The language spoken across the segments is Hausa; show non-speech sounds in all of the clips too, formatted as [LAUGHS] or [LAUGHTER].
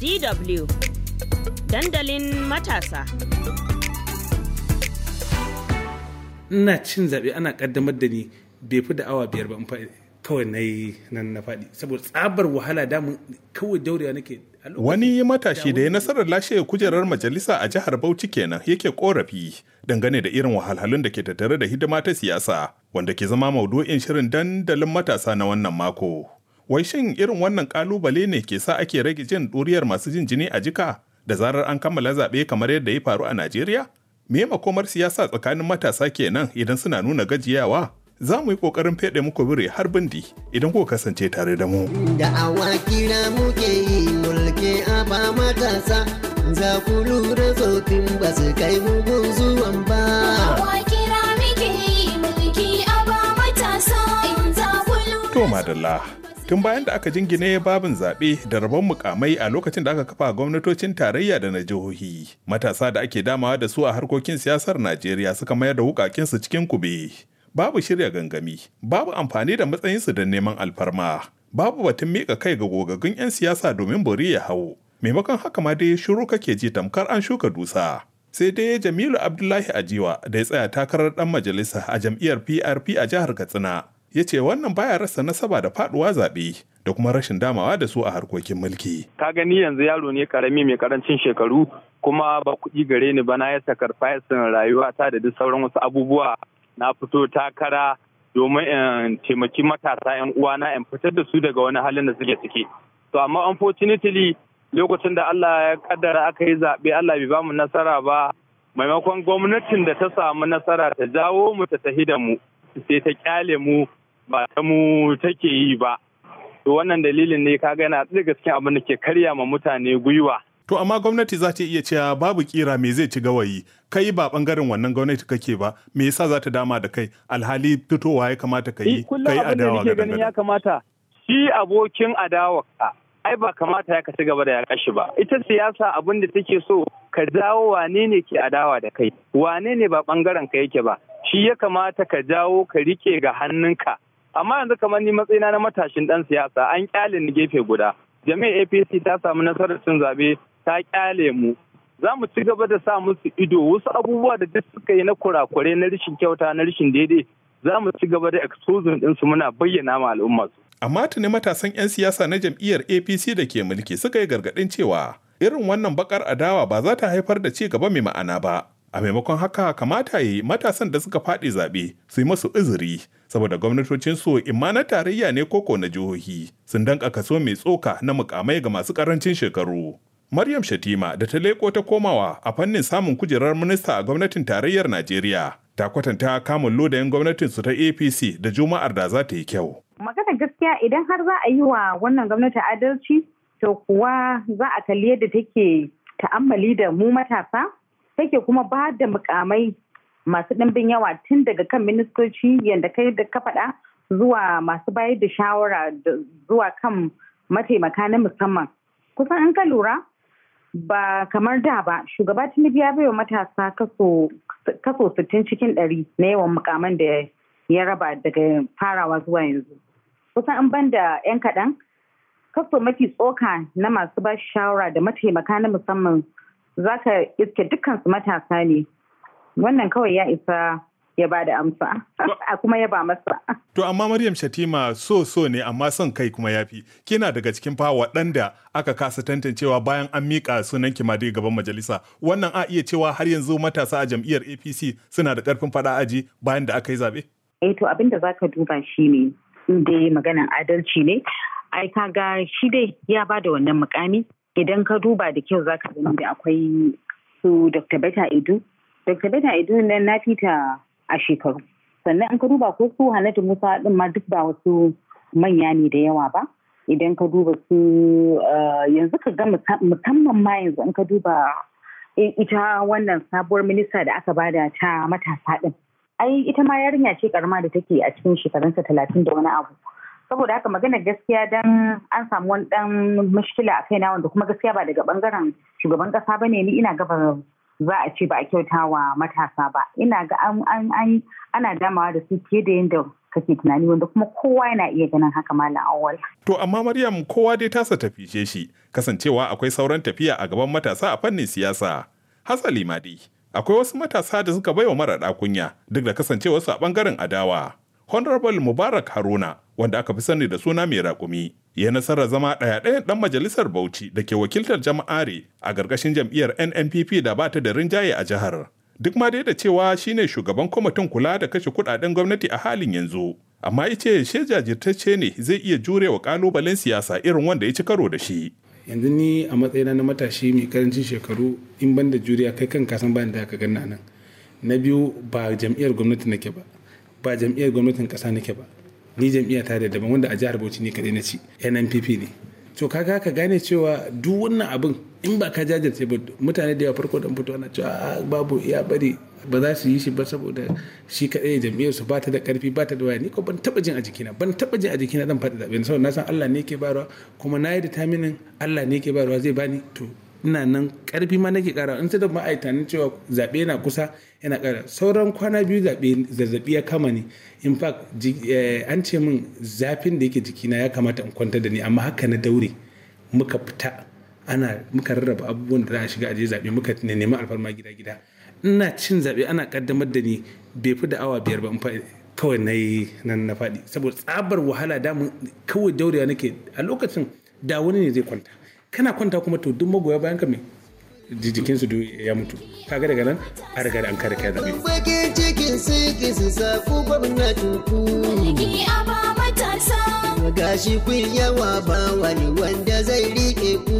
DW dandalin matasa. Ina cin zaɓe ana ƙaddamar da ni bai fi da awa biyar ba kawai na yi nan na faɗi saboda tsabar wahala damun kawai daurewa nake wani matashi da ya nasarar lashe kujerar majalisa a jihar bauchi kenan yake ƙorafi dangane da irin wahalhalun da ke tattare da hidima ta siyasa wanda ke zama maudu'in shirin dandalin matasa na wannan mako Wai shin irin wannan kalubale ne ke sa ake rage jin ɗuriyar masu jin jini a jika da zarar an kammala zaɓe kamar yadda ya faru a Najeriya? Me makomar siyasa tsakanin matasa kenan idan suna nuna gajiyawa? Za mu yi ƙoƙarin feɗe muku bire har bindi idan kuka kasance tare da mu. Da awakira muke yi mulke a ba matasa, za ku lura tsofin ba su kai mugun zuwan ba. To madalla. tun bayan da aka jingine babin zaɓe da rabon mukamai a lokacin da aka kafa gwamnatocin tarayya da na jihohi matasa da ake damawa da su a harkokin siyasar najeriya suka mayar da wukakinsu cikin kube babu shirya gangami babu amfani da matsayinsu don neman alfarma babu batun miƙa kai ga gogaggun 'yan siyasa domin bori ya hau maimakon haka ma dai shiru kake ji tamkar an shuka dusa sai dai jamilu abdullahi ajiwa da ya tsaya takarar dan majalisa a jam'iyyar prp a jihar katsina ya ce wannan baya rasa nasaba da faduwa zaɓe da kuma rashin damawa da su a harkokin mulki. Ka gani yanzu yaro ne karami mai karancin shekaru kuma ba kuɗi gare ni ba na ya sakar rayuwa ta da duk sauran wasu abubuwa na fito takara domin in taimaki matasa 'yan uwana in fitar da su daga wani halin da suke ciki. To amma unfortunately lokacin da Allah ya kaddara aka yi zaɓe Allah bai bamu nasara ba maimakon gwamnatin da ta samu nasara ta jawo mu ta tahi da mu sai ta kyale mu ba ta mu take yi ba to wannan dalilin ne kaga yana daga cikin abin da ke karya ma mutane gwiwa to amma gwamnati za ta iya cewa babu kira me zai ci gawayi kai ba bangaren wannan gwamnati kake ba me yasa za ta dama da kai alhali fitowa ya kamata ka yi eh, kai adawa ga ganin ya kamata shi abokin adawa ka ai ba kamata ya ci gaba da ya kashi ba ita siyasa abin da take so ka jawo wane ne ke adawa da kai wane ne ba bangaren ka yake ba shi ya kamata ka jawo ka rike ga hannunka amma yanzu kamar ni matsayina na matashin dan siyasa an kyale ni gefe guda jami'ar apc ta samu nasarar cin zabe ta kyale mu za mu ci gaba da sa musu ido wasu abubuwa da duk suka yi na kurakure na rashin kyauta na rashin daidai za mu ci gaba da exposing su muna bayyana ma al'umma su. Amma tuni matasan 'yan siyasa na jam'iyyar APC da ke mulki suka yi gargaɗin cewa irin wannan bakar adawa ba za ta haifar da ci gaba mai ma'ana ba. A maimakon haka kamata yi matasan da suka faɗi zaɓe su yi masu iziri saboda gwamnatocin su imma na tarayya ne koko na jihohi sun danka kaso mai tsoka na mukamai ga masu karancin shekaru. Maryam Shatima da ta leko ta komawa a fannin samun kujerar minista a gwamnatin tarayyar Najeriya ta kwatanta kamun lodayin gwamnatin su ta APC da Juma'ar da za ta yi kyau. Magana gaskiya idan har za a yi wa wannan gwamnati adalci to kuwa za a kalli yadda take ta'ammali da mu matasa take kuma ba da mukamai masu ɗimbin yawa tun daga kan ministoci yadda kai da ka faɗa zuwa masu bayar da shawara zuwa kan mataimaka na musamman kusan an ka lura ba kamar da ba shugaba tinubu ya bai wa matasa kaso sittin cikin ɗari na yawan mukaman da ya raba daga farawa zuwa yanzu kusan an banda 'yan kaɗan kaso mafi tsoka na masu ba shawara da mataimaka na musamman za ka iske dukkansu matasa ne Wannan kawai ya isa ya ba da amsa, [LAUGHS] a kuma ya ba masa. To amma Maryam Shatima so so ne amma son kai kuma ya fi. Kina daga cikin fa waɗanda aka kasa tantancewa bayan an miƙa sunan ki madai gaban majalisa. Wannan a iya cewa har yanzu matasa a jam'iyyar APC suna da ƙarfin faɗa aji bayan da aka yi zaɓe? Eh to abin da za ka duba shi ne dai maganan adalci ne. Ai ka ga shi dai ya ba da wannan mukami idan ka duba da kyau za ka gani da akwai su Dr. Beta idu Dr. na idan nan na fita a shekaru. Sannan in ka duba ko su Hannatu Musa din ma duk ba wasu manya ne da yawa ba. Idan ka duba su eh, yanzu ka ga musamman ma yanzu in ka duba eh, ita wannan sabuwar minista da aka bada ta matasa ɗin. Ai ita ma yarinya ce karama da take a cikin shekarunsa talatin da wani abu. saboda haka magana gaskiya dan an samu wani dan mashkila a kaina wanda kuma gaskiya ba daga bangaren shugaban kasa ne ni ina gaba za a ce ba a kyauta wa matasa ba ina ga an ana damawa da su fiye da yadda kake tunani wanda kuma kowa yana iya ganin haka malam awal to amma maryam kowa dai tasa satafishe shi kasancewa akwai sauran tafiya a gaban matasa a fannin siyasa hasali ma dai akwai wasu matasa da suka baiwa mara kunya duk da kasancewarsu a bangaren adawa honorable mubarak haruna wanda aka fi sani da suna mai raƙumi ya nasarar zama ɗaya ɗayan ɗan majalisar Bauchi da ke wakiltar jama'are a gargashin jam'iyyar NNPP da ba ta da rinjaye a jihar. Duk ma dai da cewa shi ne shugaban kwamitin kula da kashe kuɗaɗen gwamnati a halin yanzu. Amma ya ce she jajirtacce ne zai iya jure jurewa ƙalubalen siyasa irin wanda ya ci karo da shi. Yanzu ni a matsayina na matashi mai karancin shekaru in ban da juriya kai kan kasan bayan da aka ganna nan. Na biyu ba jam'iyyar gwamnati nake ba, ba jam'iyyar gwamnatin ƙasa nake ba. ni jam'iyya ta da daban wanda a jihar Bauchi ne kadai na ci NNPP ne to kaga ka gane cewa duk wannan abin in ba ka jajirce ba mutane da yawa farko da fito ana cewa ah, babu ya bari ba za su yi shi ba saboda shi kadai jam'iyyar su ba ta da karfi ba ta da waya ni ko ban taba jin a jikina ban taba jin a jikina zan faɗi zaɓe saboda na san Allah ne ke barwa kuma na yi da taminin Allah ne ke barwa zai bani to ina nan karfi ma nake kara in da ma'aikatan cewa zabe yana kusa yana kara sauran kwana biyu zaɓe zazzabi ya kama ni in fact eh, an ce min zafin da yake jikina ya kamata in kwanta da ni amma haka na daure muka fita ana muka rarraba abubuwan da za a shiga aje zabe muka nemi alfarma gida gida ina cin zaɓe ana kaddamar da ni bai fi da awa biyar ba in kawai na nan na faɗi saboda tsabar wahala damun kawai daurewa nake a lokacin da wani ne zai kwanta kana kwanta kuma to duk magoya bayan ka mai jikin su ya mutu Ka ga daga nan a riga da an kare kai zabe bakin cikin ki su ku gashi ku ba wani wanda zai rike ku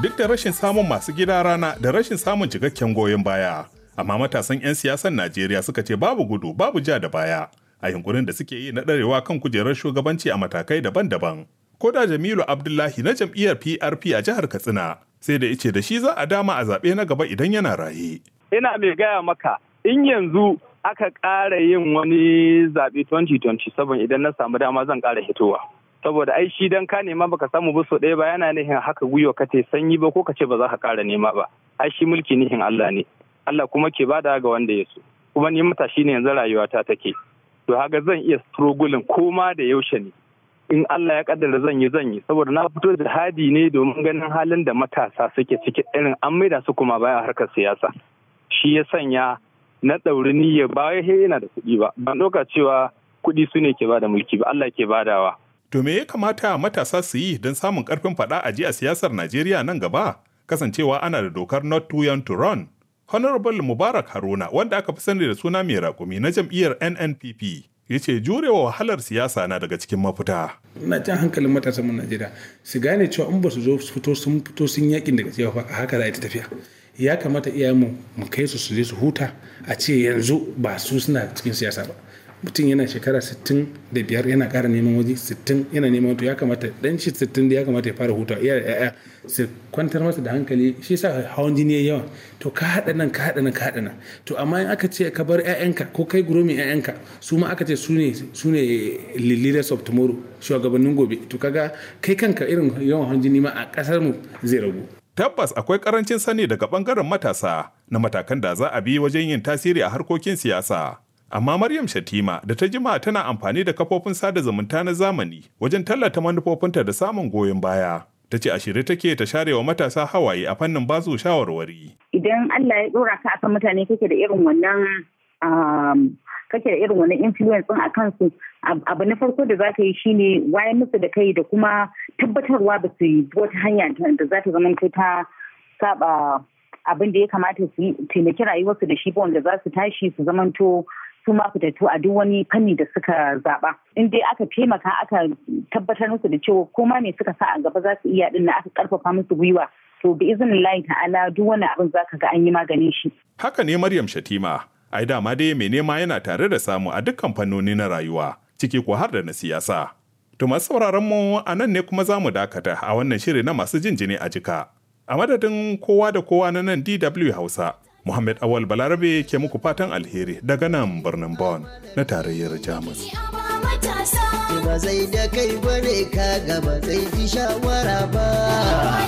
duk da rashin samun masu gida rana da rashin samun cikakken goyon baya amma matasan 'yan siyasan Najeriya suka ce babu gudu babu ja da baya a yunkurin da suke yi na ɗarewa kan kujerar shugabanci a matakai daban-daban. ko da Jamilu Abdullahi na jam'iyyar PRP a jihar Katsina sai da ice da shi za a dama a zaɓe na gaba idan yana raye. Ina mai gaya maka in yanzu aka ƙara yin wani zaɓe 2027 idan na samu dama zan ƙara hitowa. saboda ai shi dan ka nema baka samu ba so ɗaya ba yana nihin haka gwiwa ka te sanyi ba ko ka ce ba za ka ƙara nema ba ai shi mulki nihin Allah ne Allah kuma ke bada ga wanda ya so kuma ni matashi ne yanzu rayuwata take to haka zan iya strugulin koma da yaushe ne in Allah ya kaddara zan yi zan yi saboda na fito da jihadi ne domin ganin halin da matasa suke ciki irin an maida su kuma baya harkar siyasa shi ya sanya na ɗauri niyya ba ya yana da kuɗi ba ban ɗauka cewa kuɗi su ne ke da mulki ba Allah ke badawa. To me ya kamata matasa su yi don samun karfin faɗa a a siyasar Najeriya nan gaba kasancewa ana da dokar not too young to run. Honorable Mubarak Haruna wanda aka fi sani da suna mai raƙumi na jam'iyyar NNPP ya ce jurewa wahalar siyasa na daga cikin mafita. Ina jan hankalin matasan mu Najeriya su gane cewa in ba su zo su fito sun fito sun yakin daga cewa fa haka za a yi tafiya. Ya kamata iyayenmu mu kai su su je su huta a ce yanzu ba su suna cikin siyasa ba. mutum yana shekara 65 yana ƙara neman waje 60 yana neman to ya kamata dan shi 60 da ya kamata ya fara huta iya ya'ya su kwantar masa da hankali shi sa hawan jini ya yawa to ka haɗa nan ka haɗa nan ka haɗa nan to amma in aka ce ka bar 'ya'yanka ko kai gurumin 'ya'yanka su ma aka ce su ne su of tomorrow shugabannin gobe to kaga kai kanka irin yawan hawan jini ma a kasar mu zai ragu tabbas akwai karancin sani daga bangaren matasa na matakan da za a bi wajen yin tasiri a harkokin siyasa Amma Maryam Shatima da ta jima tana amfani da kafofin sada zumunta na zamani wajen tallata manufofinta da samun goyon baya. Ta ce a shirye take ta share wa matasa hawaye a fannin basu shawarwari. Idan Allah ya dora ka akan mutane kake da irin wannan um, kake da irin wannan influence a kansu abu na farko da za ka yi shine waye musu da kai da kuma tabbatarwa ba su yi wata hanya da za ta zama ta saba abin da ya kamata su taimaki rayuwarsu da shi ba wanda za su tashi su zamanto su ma fitattu a duk wani fanni da suka zaba in dai aka taimaka aka tabbatar musu da cewa ko ma me suka sa a gaba za su iya din aka karfafa musu gwiwa to bi izinin layi ta'ala duk wani abin za ka ga an yi maganin shi haka ne maryam shatima ai dama dai mai nema yana tare da samu a dukkan fannoni na rayuwa ciki ko har da na siyasa to masu sauraron mu a nan ne kuma za mu dakata a wannan shiri na masu jin jini a jika a madadin kowa da kowa na nan DW Hausa Muhammad Awal Balarabe ke muku fatan alheri daga nan birnin Bonn na tarayyar Jamus. Ba zai da kai bane ka gaba zai fi shawara ba.